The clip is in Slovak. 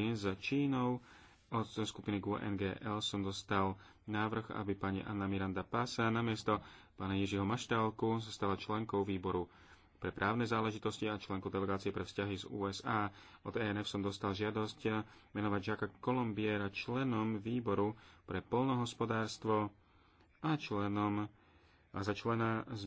kontakty s Čínou. Od skupiny GUNGL som dostal návrh, aby pani Anna Miranda Pása namiesto pána Ježiho Maštálku sa stala členkou výboru pre právne záležitosti a členku delegácie pre vzťahy z USA. Od ENF som dostal žiadosť menovať Žaka Kolombiera členom výboru pre polnohospodárstvo a členom a za člena